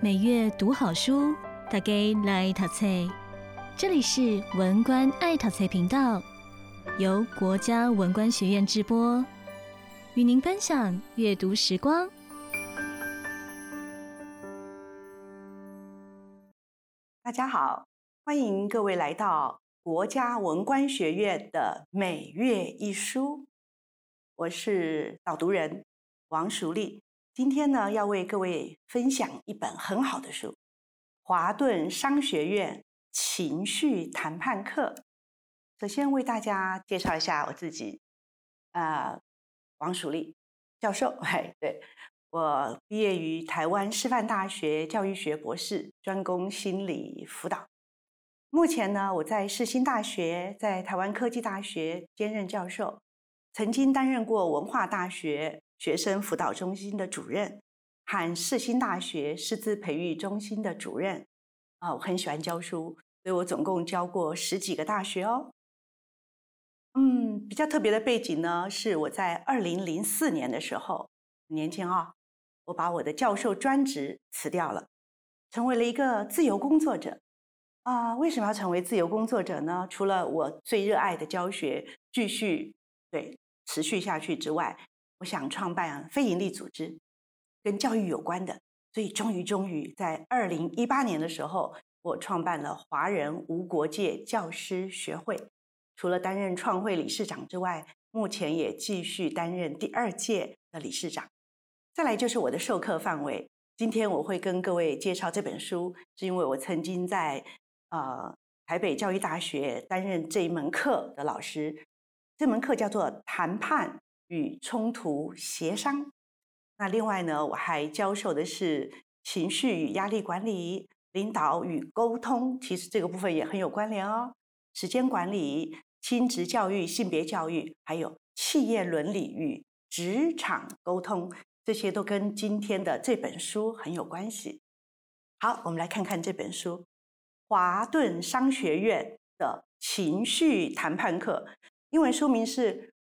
每月讀好書，大家來淘菜。這裡是文官愛淘菜頻道，由國家文官學院直播，與您分享閱讀時光。大家好，歡迎各位來到國家文官學院的每月一書，我是導讀人王淑利。今天呢，要為各位分享一本很好的書，《華頓商學院情緒談判課》。首先為大家介紹一下我自己，啊、呃，王淑利教授。哎，對，我畢業於台灣師範大學教育學博士，專攻心理輔導。目前呢，我在世新大學、在台灣科技大學兼任教授，曾經擔任過文化大學。學生輔導中心的主任，和世新大學師資培育中心的主任，啊，我很喜歡教書，所以我總共教過十幾個大學哦。嗯，比較特別的背景呢，是我在二零零四年的時候，年輕啊、哦，我把我的教授專職辭掉了，成為了一個自由工作者。啊、呃，為什麼要成為自由工作者呢？除了我最熱愛的教學，繼續，對，持續下去之外。我想創辦非營利組織，跟教育有關的，所以終於終於在二零一八年的時候，我創辦了華人無國界教師學會。除了擔任創會理事長之外，目前也繼續擔任第二屆的理事長。再來就是我的授課範圍。今天我會跟各位介紹這本書，是因為我曾經在呃台北教育大學擔任這一門課的老師，這門課叫做談判。與衝突協商。那另外呢，我還教授的是情緒與壓力管理、領導與溝通。其實這個部分也很有關聯哦。時間管理、親職教育、性別教育，還有企業倫理與職場溝通，這些都跟今天的這本書很有關係。好，我們來看看這本書——華頓商學院的情緒談判課。英文書名是，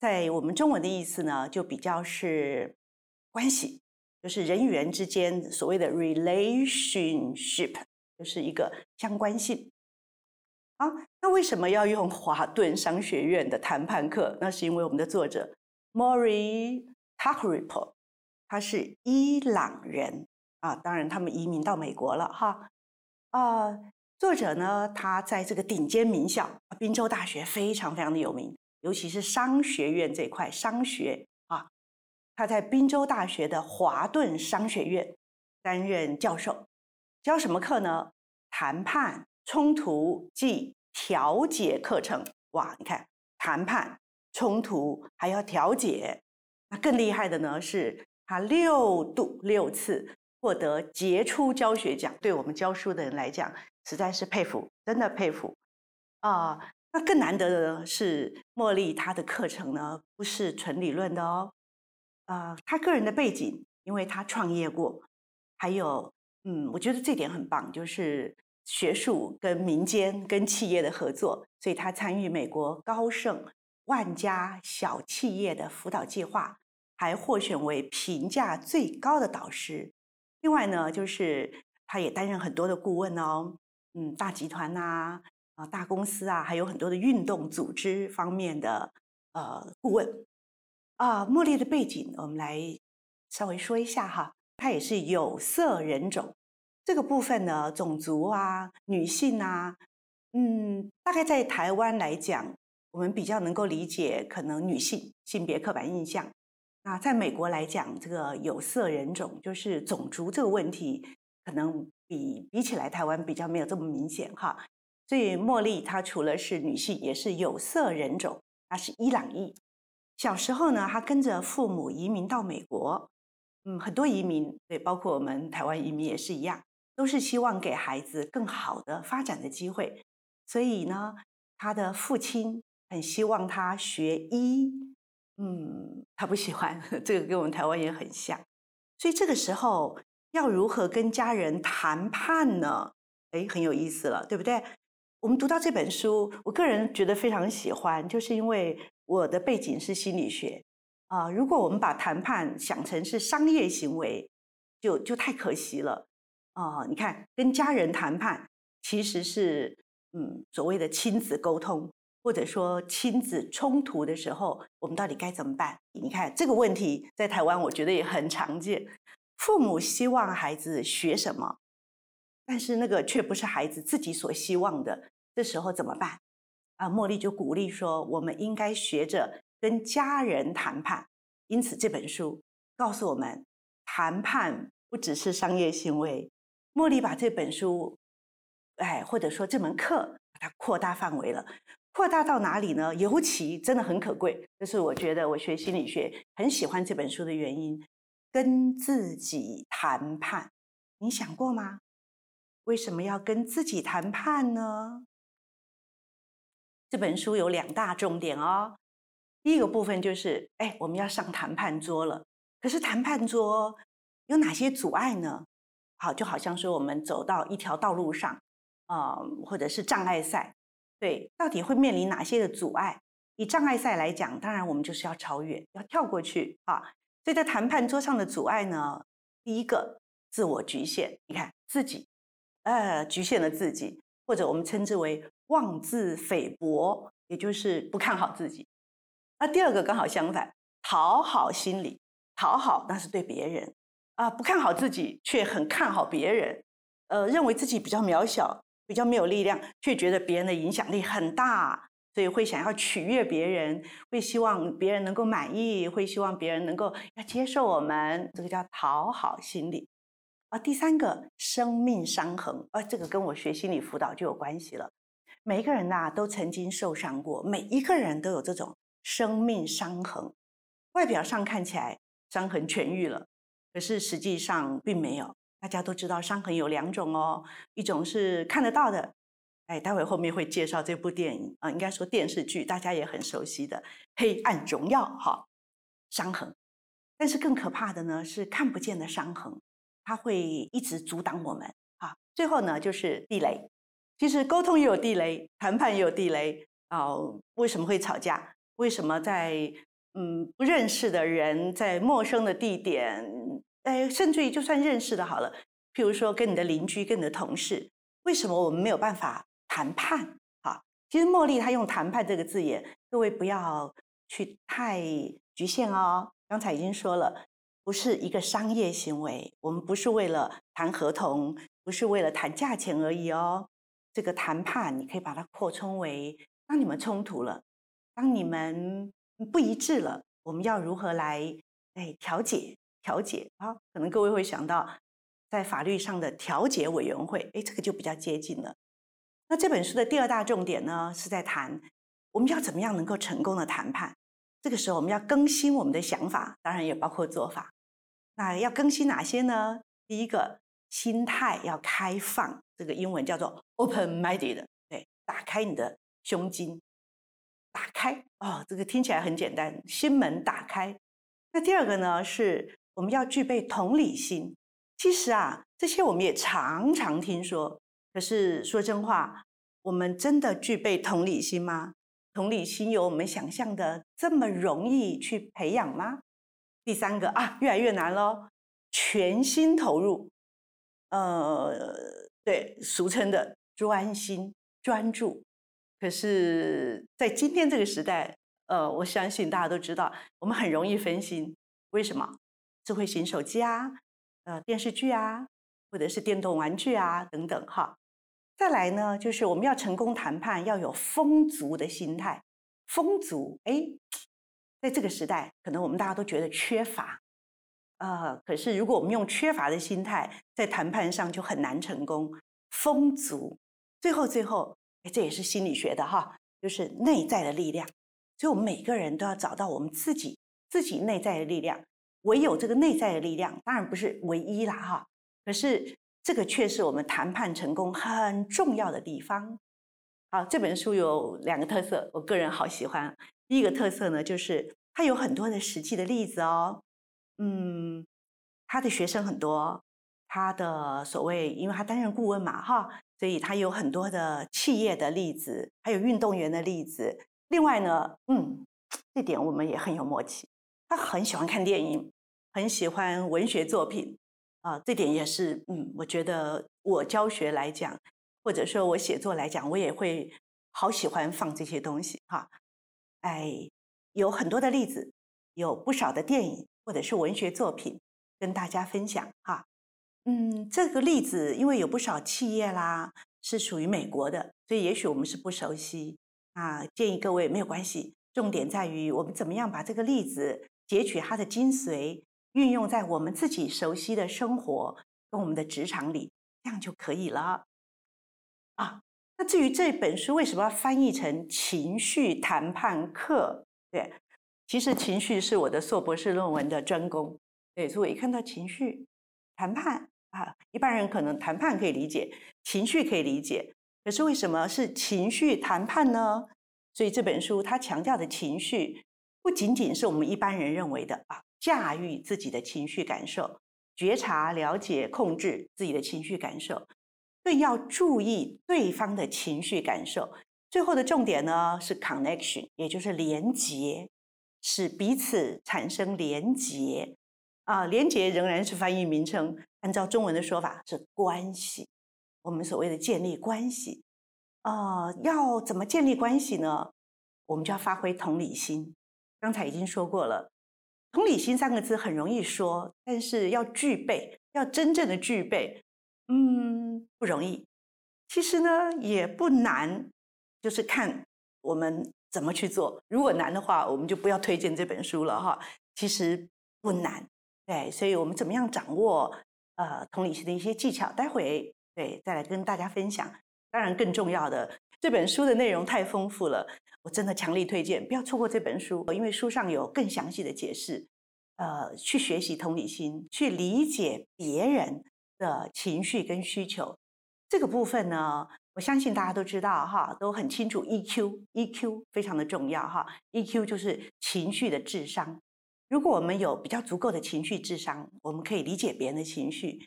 在我們中文的意思呢，就比較是關係，就是人與人之間所謂的 relationship，就是一個相關性。啊，那為什麼要用華頓商學院的談判課？那是因為我們的作者 Mori Taheripour，他是伊朗人啊，當然他們移民到美國了哈，啊。啊，作者呢，他在這個頂尖名校啊，賓州大學非常非常的有名。尤其是商學院這塊，商學啊，他在賓州大學的華頓商學院擔任教授，教什麼課呢？談判、衝突及調解課程。哇，你看，談判、衝突還要調解，那更厲害的呢是他六度六次獲得傑出教學獎。對我們教書的人來講，實在是佩服，真的佩服啊。呃那更難得的是，茉莉她的課程呢，不是純理論的哦，啊，她個人的背景，因為她創業過，還有，嗯，我覺得這點很棒，就是學術跟民間跟企業的合作，所以她參與美國高盛萬家小企業的輔導計劃，還獲選為評價最高的導師。另外呢，就是她也擔任很多的顧問哦，嗯，大集團吶啊。啊，大公司啊，還有很多的運動組織方面的呃顧問啊。茉莉的背景，我們來稍微說一下哈。她也是有色人種這個部分呢，種族啊，女性啊，嗯，大概在台灣來講，我們比較能夠理解，可能女性性別刻板印象。那在美國來講，這個有色人種就是種族這個問題，可能比比起來台灣比較沒有這麼明顯哈。所以茉莉她除了是女性，也是有色人種，她是伊朗裔。小時候呢，她跟着父母移民到美國。嗯，很多移民，對，包括我們台灣移民也是一樣，都是希望給孩子更好的發展的機會。所以呢，她的父親很希望她學醫。嗯，她不喜歡這個，跟我們台灣也很像。所以這個時候要如何跟家人談判呢？誒，很有意思了，對不對？我們讀到這本書，我個人覺得非常喜歡，就是因為我的背景是心理學啊、呃。如果我們把談判想成是商業行為，就就太可惜了啊、呃！你看，跟家人談判其實是嗯，所謂的親子溝通，或者說親子衝突的時候，我們到底該怎麼辦？你看這個問題在台灣，我覺得也很常見。父母希望孩子學什麼？但是那個卻不是孩子自己所希望的，這時候怎麼辦？啊，茉莉就鼓勵說：“我們應該學着跟家人談判。”因此這本書告訴我們，談判不只是商業行為。茉莉把這本書，哎，或者說這門課，把它擴大範圍了，擴大到哪裡呢？尤其真的很可貴，這、就是我覺得我學心理學很喜歡這本書的原因。跟自己談判，你想過嗎？為什麼要跟自己談判呢？這本書有兩大重點哦。第一個部分就是，哎，我們要上談判桌了。可是談判桌有哪些阻礙呢？好，就好像說我們走到一條道路上，啊、呃，或者是障礙賽。對，到底會面臨哪些的阻礙？以障礙賽來講，當然我們就是要超越，要跳過去啊。所以在談判桌上的阻礙呢，第一個，自我局限。你看自己。呃，侷限了自己，或者我們稱之為妄自菲薄，也就是不看好自己。那第二個剛好相反，討好心理，討好那是對別人啊，不看好自己，卻很看好別人。呃，認為自己比較渺小，比較沒有力量，卻覺得別人的影響力很大，所以會想要取悅別人，會希望別人能夠滿意，會希望別人能夠要接受我們，這個叫討好心理。啊，第三個生命傷痕，啊，這個跟我學心理輔導就有關係了。每一個人吶、啊、都曾經受傷過，每一個人都有這種生命傷痕。外表上看起來傷痕痊癒了，可是實際上並沒有。大家都知道傷痕有兩種哦，一種是看得到的，哎，待會後面會介紹這部電影啊、呃，應該說電視劇，大家也很熟悉的《黑暗榮耀》哈、哦，傷痕。但是更可怕的呢是看不見的傷痕。他會一直阻擋我們啊！最後呢，就是地雷。其實溝通也有地雷，談判也有地雷啊，呃，為什麼會吵架？為什麼在嗯不認識的人在陌生的地點，哎，甚至於就算認識的好了，譬如說跟你的鄰居、跟你的同事，為什麼我們沒有辦法談判？啊！其實茉莉她用“談判”這個字眼，各位不要去太局限哦。剛才已經說了。不是一個商業行為，我們不是為了談合同，不是為了談價錢而已哦。這個談判，你可以把它擴充為：當你們衝突了，當你們不一致了，我們要如何來，哎，調解？調解啊、哦，可能各位會想到在法律上的調解委員會，哎，這個就比較接近了。那這本書的第二大重點呢，是在談我們要怎麼樣能夠成功的談判。這個時候，我們要更新我們的想法，當然也包括做法。那要更新哪些呢？第一個，心態要開放，這個英文叫做 open minded，對，打開你的胸襟，打開哦，這個聽起來很簡單，心門打開。那第二個呢，是我們要具備同理心。其實啊，這些我們也常常聽說，可是說真話，我們真的具備同理心嗎？同理心有我們想象的這麼容易去培養嗎？第三個啊，越來越難嘍，全心投入，呃，對，俗稱的專心專注。可是，在今天這個時代，呃，我相信大家都知道，我們很容易分心。為什麼？智慧型手機啊，呃，電視劇啊，或者是電動玩具啊等等哈。再來呢，就是我們要成功談判，要有豐足的心態。豐足，哎。在這個時代，可能我們大家都覺得缺乏，呃，可是如果我們用缺乏的心態在談判上就很難成功。豐足，最後最後，這也是心理學的哈，就是內在的力量。所以我們每個人都要找到我們自己自己內在的力量。唯有這個內在的力量，當然不是唯一啦。哈，可是這個卻是我們談判成功很重要的地方。好，這本書有兩個特色，我個人好喜歡。第一個特色呢，就是他有很多的實際的例子哦，嗯，他的學生很多，他的所謂，因為他擔任顧問嘛，哈，所以他有很多的企業的例子，還有運動員的例子。另外呢，嗯，這點我們也很有默契，他很喜歡看電影，很喜歡文學作品，啊、呃，這點也是，嗯，我覺得我教學來講，或者說我寫作來講，我也會好喜歡放這些東西，哈。哎，有很多的例子，有不少的電影或者是文學作品跟大家分享哈、啊。嗯，這個例子因為有不少企業啦是屬於美國的，所以也許我們是不熟悉啊。建議各位沒有關係，重點在於我們怎麼樣把這個例子截取它的精髓，運用在我們自己熟悉的生活跟我們的職場裡，這樣就可以了啊。那至於這本書為什麼要翻譯成《情緒談判課》？對，其實情緒是我的碩博士論文的專攻，對，所以我一看到情緒談判啊，一般人可能談判可以理解，情緒可以理解，可是為什麼是情緒談判呢？所以這本書它強調的情緒，不僅僅是我們一般人認為的啊，駕馭自己的情緒感受，覺察、了解、控制自己的情緒感受。更要注意對方的情緒感受。最後的重點呢是 connection，也就是連結，使彼此產生連結。啊、呃，連結仍然是翻譯名稱，按照中文的說法是關係。我們所謂的建立關係，啊、呃，要怎麼建立關係呢？我們就要發揮同理心。剛才已經說過了，同理心三個字很容易說，但是要具備，要真正的具備。嗯，不容易。其實呢，也不難，就是看我們怎麼去做。如果難的話，我們就不要推薦這本書了哈。其實不難，對。所以我們怎麼樣掌握呃同理心的一些技巧？待會對再來跟大家分享。當然更重要的，這本書的內容太豐富了，我真的強力推薦，不要錯過這本書，因為書上有更詳細的解釋。呃，去學習同理心，去理解別人。的情緒跟需求，這個部分呢，我相信大家都知道哈，都很清楚 EQ，EQ 非常的重要哈，EQ 就是情緒的智商。如果我們有比較足夠的情緒智商，我們可以理解別人的情緒，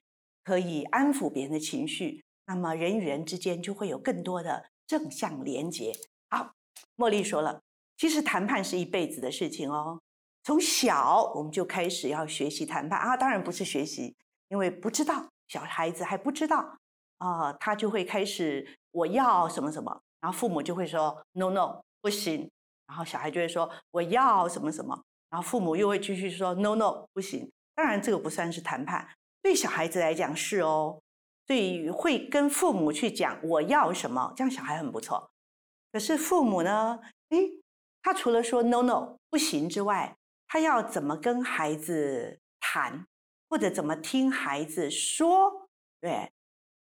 可以安撫別人的情緒，那麼人與人之間就會有更多的正向連接。好，茉莉說了，其實談判是一輩子的事情哦，從小我們就開始要學習談判啊，當然不是學習，因為不知道。小孩子還不知道啊、呃，他就會開始，我要什麼什麼，然後父母就會說 no no 不行，然後小孩就會說我要什麼什麼，然後父母又會繼續說 no no 不行。當然這個不算是談判，對小孩子來講是哦，對於會跟父母去講我要什麼，這樣小孩很不錯。可是父母呢？誒、嗯，他除了說 no no 不行之外，他要怎麼跟孩子談？或者怎麼聽孩子說，對，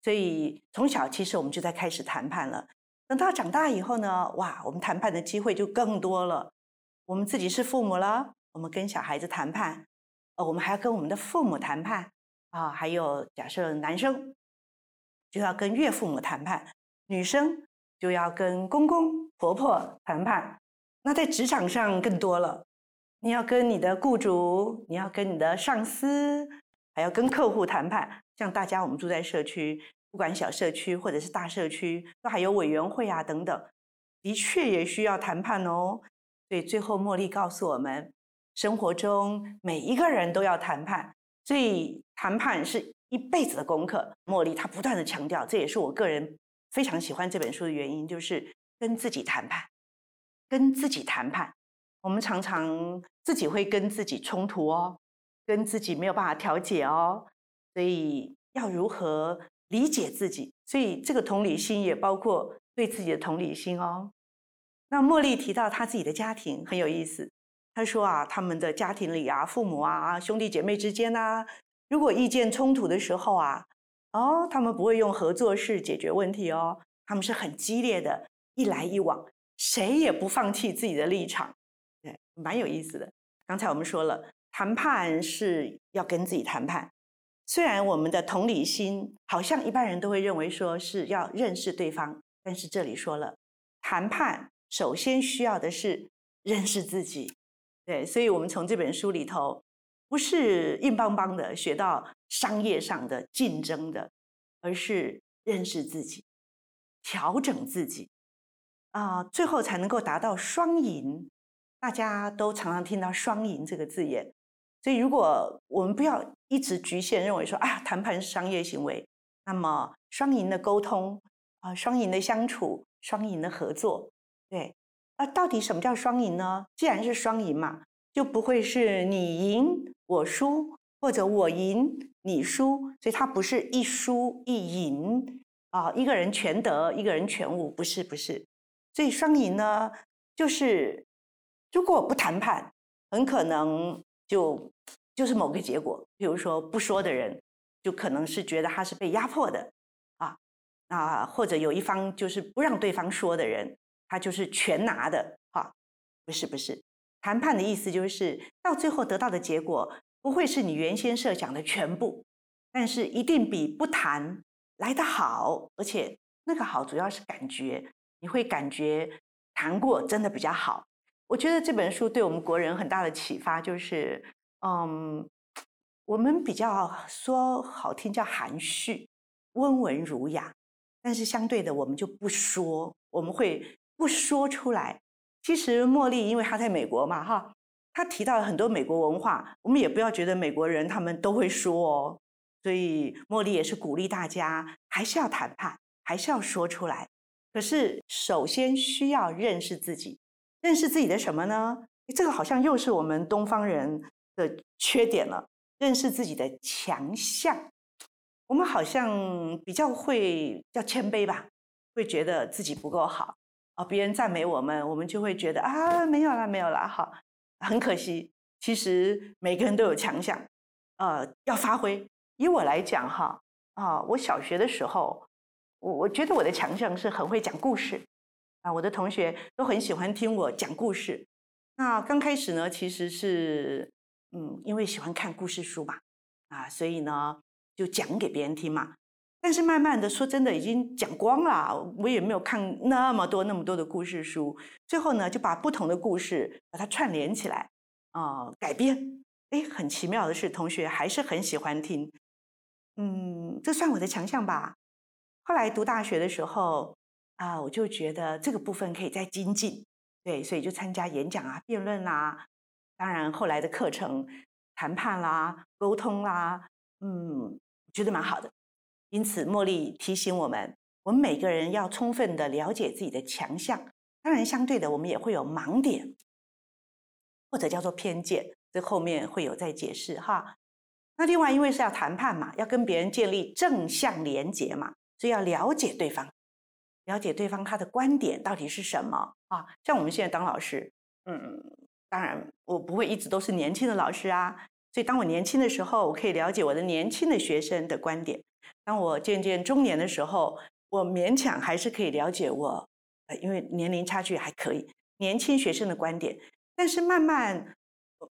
所以從小其實我們就在開始談判了。等到長大以後呢，哇，我們談判的機會就更多了。我們自己是父母了，我們跟小孩子談判，呃、哦，我們還要跟我們的父母談判啊、哦。還有假設男生就要跟岳父母談判，女生就要跟公公婆婆談判。那在職場上更多了。你要跟你的僱主，你要跟你的上司，還要跟客戶談判。像大家，我們住在社區，不管小社區或者是大社區，都還有委員會啊等等，的確也需要談判哦。所以最後茉莉告訴我們，生活中每一個人都要談判，所以談判是一輩子的功課。茉莉她不斷地強調，這也是我個人非常喜歡這本書的原因，就是跟自己談判，跟自己談判。我們常常自己會跟自己衝突哦，跟自己沒有辦法調解哦，所以要如何理解自己？所以這個同理心也包括對自己的同理心哦。那茉莉提到她自己的家庭很有意思，她說啊，他們的家庭裡啊，父母啊，兄弟姐妹之間吶啊，如果意見衝突的時候啊，哦，他們不會用合作式解決問題哦，他們是很激烈的，一來一往，誰也不放棄自己的立場。蠻有意思的。剛才我們說了，談判是要跟自己談判。雖然我們的同理心，好像一般人都會認為說是要認識對方，但是這裡說了，談判首先需要的是認識自己。對，所以我們從這本書裡頭，不是硬邦邦的學到商業上的競爭的，而是認識自己，調整自己，啊，最後才能夠達到雙贏。大家都常常聽到“雙贏”這個字眼，所以如果我們不要一直局限認為說，啊，談判是商業行為，那麼雙贏的溝通啊、呃，雙贏的相處，雙贏的合作，對，那到底什麼叫雙贏呢？既然是雙贏嘛，就不會是你贏我輸，或者我贏你輸，所以它不是一輸一贏啊、呃，一個人全得，一個人全無，不是不是，所以雙贏呢，就是。如果不談判，很可能就就是某個結果，比如說不說的人，就可能是覺得他是被壓迫的，啊啊，或者有一方就是不讓對方說的人，他就是全拿的哈，啊，不是不是，談判的意思就是到最後得到的結果不會是你原先設想的全部，但是一定比不談來得好，而且那個好主要是感覺，你會感覺談過真的比較好。我覺得這本書對我們國人很大的啟發，就是，嗯，我們比較說好聽叫含蓄、溫文儒雅，但是相對的，我們就不說，我們會不說出來。其實茉莉因為她在美國嘛，哈，她提到了很多美國文化，我們也不要覺得美國人他們都會說哦。所以茉莉也是鼓勵大家還是要談判，還是要說出來。可是首先需要認識自己。認識自己的什麼呢？這個好像又是我們東方人的缺點了。認識自己的強項，我們好像比較會叫謙卑吧，會覺得自己不夠好啊。別人讚美我們，我們就會覺得啊，沒有啦沒有啦，好，很可惜。其實每個人都有強項，呃，要發揮。以我來講，哈，啊，我小學的時候，我我覺得我的強項是很會講故事。啊，我的同學都很喜歡聽我講故事。那剛開始呢，其實是，嗯，因為喜歡看故事書嘛，啊，所以呢就講給別人聽嘛。但是慢慢的，說真的，已經講光了，我也沒有看那麼多那麼多的故事書。最後呢，就把不同的故事把它串聯起來，啊、呃，改編。誒，很奇妙的是，同學還是很喜歡聽。嗯，這算我的強項吧。後來讀大學的時候。啊，我就覺得這個部分可以再精進，對，所以就參加演講啊、辯論啦、啊，當然後來的課程、談判啦、溝通啦，嗯，我覺得蠻好的。因此，茉莉提醒我們，我們每個人要充分的了解自己的強項，當然相對的，我們也會有盲點，或者叫做偏見，這後面會有再解釋哈。那另外，因為是要談判嘛，要跟別人建立正向連結嘛，所以要了解對方。了解對方他的觀點到底是什麼啊？像我們現在當老師，嗯，當然我不會一直都是年輕的老師啊。所以當我年輕的時候，我可以了解我的年輕的學生的觀點；當我漸漸中年的時候，我勉強還是可以了解我，因為年齡差距還可以年輕學生的觀點。但是慢慢，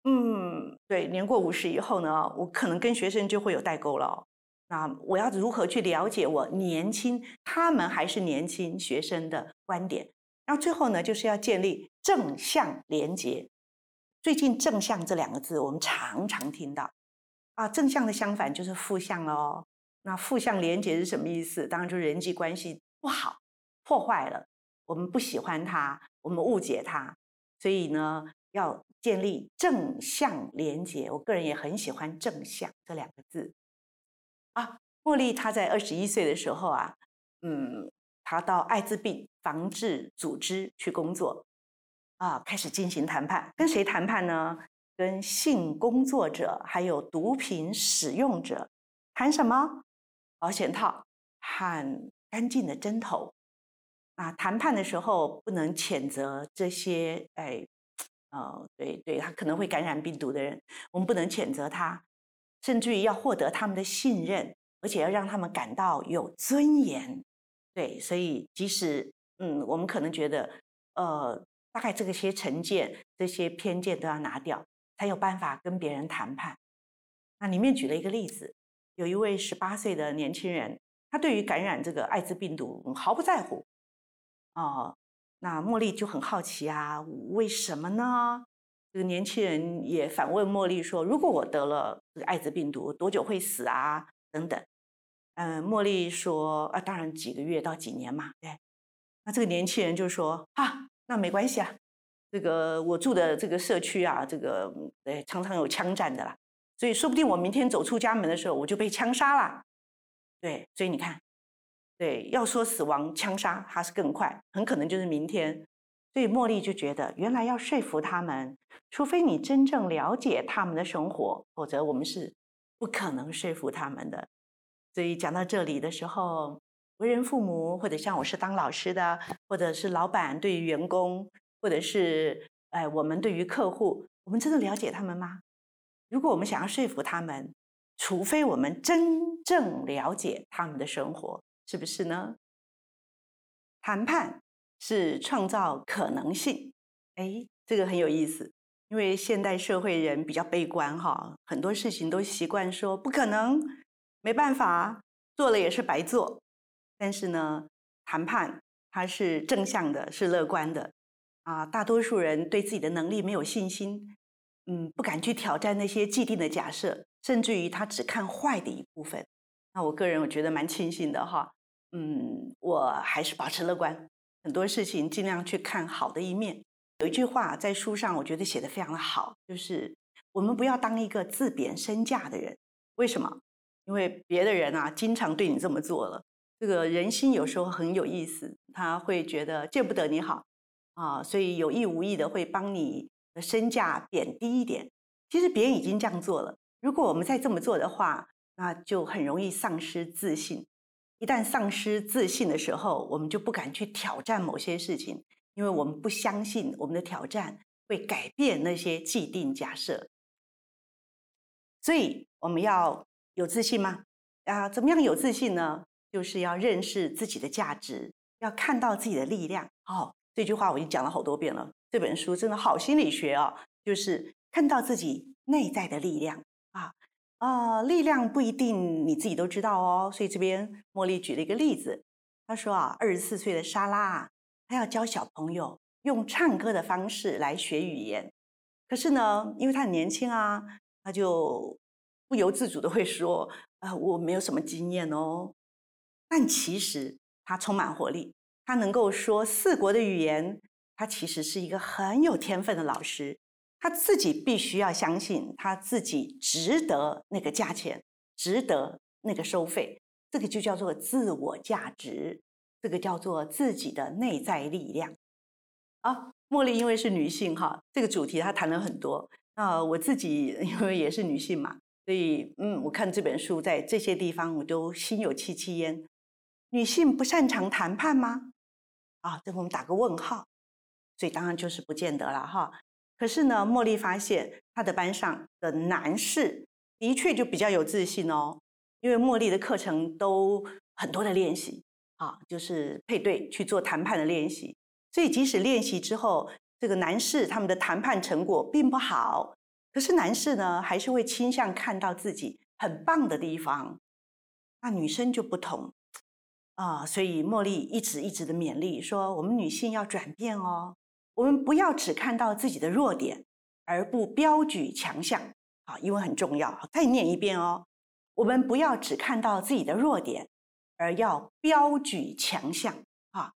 嗯，對，年過五十以後呢，我可能跟學生就會有代溝了。那我要如何去了解我年輕，他們還是年輕學生的觀點？那最後呢，就是要建立正向連結。最近“正向”這兩個字我們常常聽到啊，“正向”的相反就是“負向”咯，那“負向連結”是什麼意思？當然就是人際關係不好，破壞了，我們不喜歡他，我們誤解他，所以呢，要建立正向連結。我個人也很喜歡“正向”這兩個字。啊，茉莉她在二十一歲的時候啊，嗯，她到艾滋病防治組織去工作，啊，開始進行談判，跟誰談判呢？跟性工作者，還有毒品使用者談什麼？保險套和乾淨的針頭。啊，談判的時候不能譴責這些哎，哦、呃，對，對他可能會感染病毒的人，我們不能譴責他。甚至於要獲得他們的信任，而且要讓他們感到有尊嚴。對，所以即使嗯，我們可能覺得，呃，大概這個些成見、這些偏見都要拿掉，才有辦法跟別人談判。那裡面舉了一個例子，有一位十八歲的年輕人，他對於感染這個艾滋病毒毫不在乎。哦、呃，那茉莉就很好奇啊，為什麼呢？這個年輕人也反問茉莉說：“如果我得了？”這個艾滋病毒多久會死啊？等等，嗯、呃，茉莉說啊，當然幾個月到幾年嘛。對，那這個年輕人就說啊，那沒關係啊，這個我住的這個社區啊，這個對，常常有槍戰的啦。所以說不定我明天走出家門的時候，我就被槍殺了。對，所以你看，對，要說死亡槍殺，它是更快，很可能就是明天。所以茉莉就覺得，原來要說服他們，除非你真正了解他們的生活，否則我們是不可能說服他們的。所以講到這裡的時候，為人父母，或者像我是當老師的，或者是老板對於員工，或者是哎、呃、我們對於客戶，我們真的了解他們嗎？如果我們想要說服他們，除非我們真正了解他們的生活，是不是呢？談判。是創造可能性，哎，這個很有意思，因為現代社會人比較悲觀哈，很多事情都習慣說不可能，沒辦法，做了也是白做。但是呢，談判它是正向的，是樂觀的。啊，大多數人對自己的能力沒有信心，嗯，不敢去挑戰那些既定的假設，甚至於他只看壞的一部分。那我個人我覺得蠻慶幸的哈，嗯，我還是保持樂觀。很多事情盡量去看好的一面。有一句話在書上，我覺得寫得非常的好，就是我們不要當一個自貶身價的人。為什麼？因為別的人啊，經常對你這麼做了。這個人心有時候很有意思，他會覺得見不得你好啊，所以有意無意的會幫你的身價貶低一點。其實別人已經這樣做了，如果我們再這麼做的話，那就很容易喪失自信。一旦喪失自信的時候，我們就不敢去挑戰某些事情，因為我們不相信我們的挑戰會改變那些既定假設。所以我們要有自信嗎？啊，怎麼樣有自信呢？就是要認識自己的價值，要看到自己的力量。哦，這句話我已經講了好多遍了。這本書真的好心理學哦，就是看到自己內在的力量啊。啊、哦，力量不一定你自己都知道哦，所以這邊茉莉舉了一個例子，她說啊，二十四歲的莎拉，她要教小朋友用唱歌的方式來學語言，可是呢，因為她很年輕啊，她就不由自主地會說，啊、呃，我沒有什麼經驗哦，但其實她充滿活力，她能夠說四國的語言，她其實是一個很有天分的老師。他自己必須要相信，他自己值得那個價錢，值得那個收費，這個就叫做自我價值，這個叫做自己的內在力量。啊，茉莉因為是女性哈，這個主題她談了很多。那、啊、我自己因為也是女性嘛，所以嗯，我看這本書在這些地方我都心有戚戚焉。女性不擅長談判嗎？啊，這我們打個問號。所以當然就是不見得了哈。可是呢，茉莉發現她的班上的男士的確就比較有自信哦，因為茉莉的課程都很多的練習啊，就是配對去做談判的練習。所以即使練習之後，這個男士他們的談判成果並不好，可是男士呢還是會傾向看到自己很棒的地方。那女生就不同啊，所以茉莉一直一直的勉勵說，我們女性要轉變哦。我們不要只看到自己的弱點，而不標舉強項啊，因為很重要。再念一遍哦，我們不要只看到自己的弱點，而要標舉強項啊。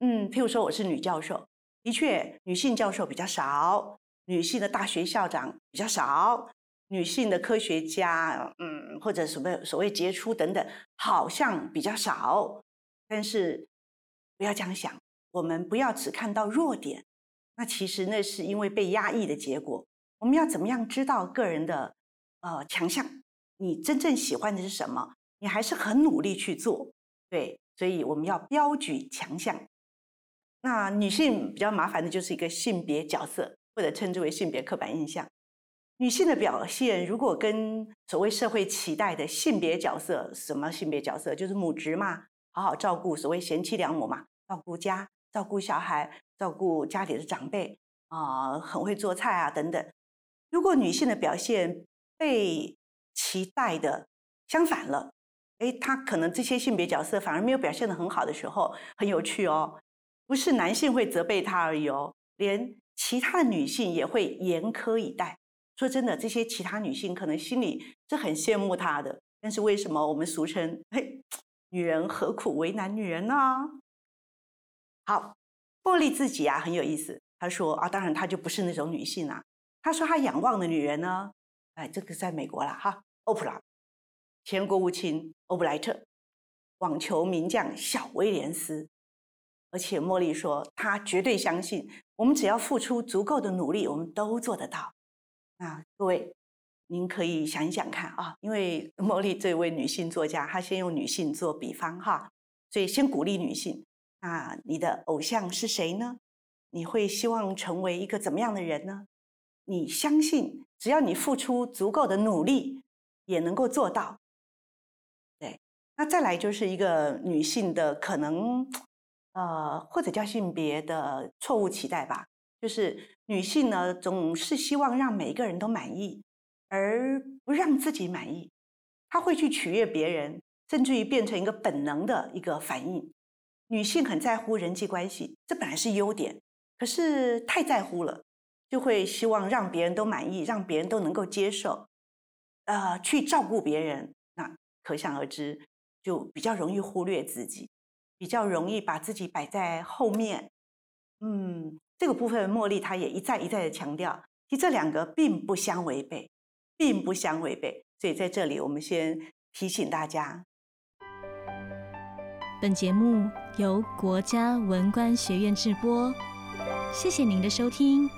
嗯，譬如說我是女教授，的確女性教授比較少，女性的大學校長比較少，女性的科學家，嗯，或者什麼所謂傑出等等，好像比較少。但是不要這樣想，我們不要只看到弱點。那其實那是因為被壓抑的結果。我們要怎麼樣知道個人的呃強項？你真正喜歡的是什麼？你還是很努力去做，對。所以我們要標舉強項。那女性比較麻煩的就是一個性別角色，或者稱之為性別刻板印象。女性的表現如果跟所謂社會期待的性別角色，什麼性別角色？就是母職嘛，好好照顧，所謂賢妻良母嘛，照顧家，照顧小孩。照顧家裡的長輩啊、呃，很會做菜啊等等。如果女性的表現被期待的相反了，誒，她可能這些性別角色反而沒有表現得很好的時候，很有趣哦。不是男性會責備她而已哦，連其他的女性也會嚴苛以待。說真的，這些其他女性可能心裡是很羨慕她的，但是為什麼我們俗稱“嘿，女人何苦為難女人呢？”好。莫莉自己啊很有意思，她說啊，當然她就不是那種女性啦、啊。她說她仰望的女人呢，哎，這個在美國了哈，歐普拉、前國務卿歐布萊特、網球名將小威廉斯，而且莫莉說她絕對相信，我們只要付出足夠的努力，我們都做得到。啊，各位您可以想一想看啊，因為莫莉這位女性作家，她先用女性做比方哈，所以先鼓勵女性。啊，那你的偶像是誰呢？你會希望成為一個怎麼樣的人呢？你相信，只要你付出足夠的努力，也能夠做到。對，那再來就是一個女性的可能，呃，或者叫性別的錯誤期待吧，就是女性呢總是希望讓每一個人都滿意，而不讓自己滿意，她會去取悅別人，甚至於變成一個本能的一個反應。女性很在乎人際關係，這本來是優點，可是太在乎了，就會希望讓別人都滿意，讓別人都能夠接受，呃，去照顧別人，那可想而知，就比較容易忽略自己，比較容易把自己擺在後面。嗯，這個部分茉莉她也一再一再的強調，其實這兩個並不相違背，並不相違背。所以在這裡，我們先提醒大家。本節目由國家文官學院製播，謝謝您的收聽。